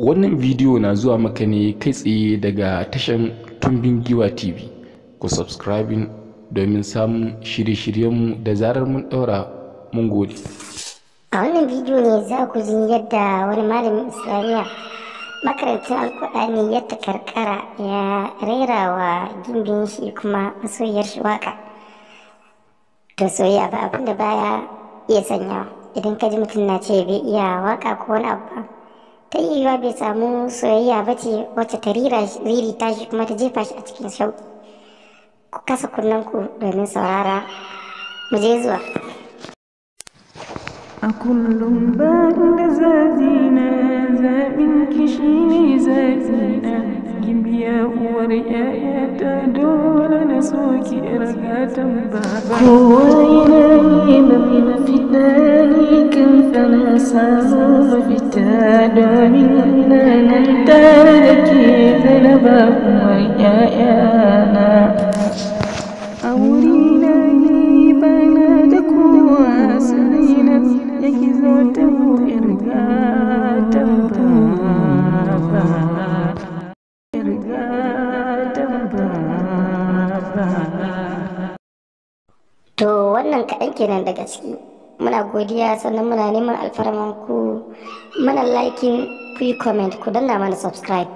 wannan bidiyo na zuwa maka ne kai tsaye daga tashan tumbin giwa tv ku subscribing domin samun shirye-shiryenmu da zarar mun ɗaura mun gode a wannan bidiyo ne za ku ji yadda wani malamin islamiyya makarantar alkur'ani ya ta karkara ya raira wa gimbin shi kuma masoyiyar shi waka to soyayya ba abinda baya iya sanyawa idan ka ji mutum na ce bai iya waka ko wani abu ba ta yi bai samu soyayya ba ce wacce ta riri ta shi kuma ta jefa shi a cikin shauki ku kasa kunnen ku domin saurara mu je zuwa a kullum ban da zazina zaɓin kishi ne zazina gibiya uwar ‘ya'yata dole na soki ‘yar baba samu mafita domin ina da ke zanaba ‘ya'yana a wurina ne bana da kowa sanina yake zo ta To wannan kaɗan kenan daga ciki. muna godiya sannan muna neman alfarman ku mana liking ku yi comment ku danna mana subscribe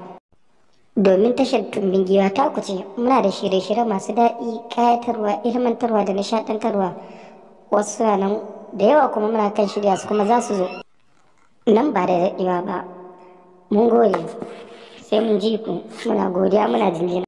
domin tashar tumbin giwa ta ku ce muna da shirye-shirye masu daɗi ƙayatarwa ilmantarwa da nishaɗantarwa wasu ranar da yawa kuma muna kan shirya su kuma za su zo nan ba da daɗewa ba mun gode sai mun ji ku muna godiya muna jinjina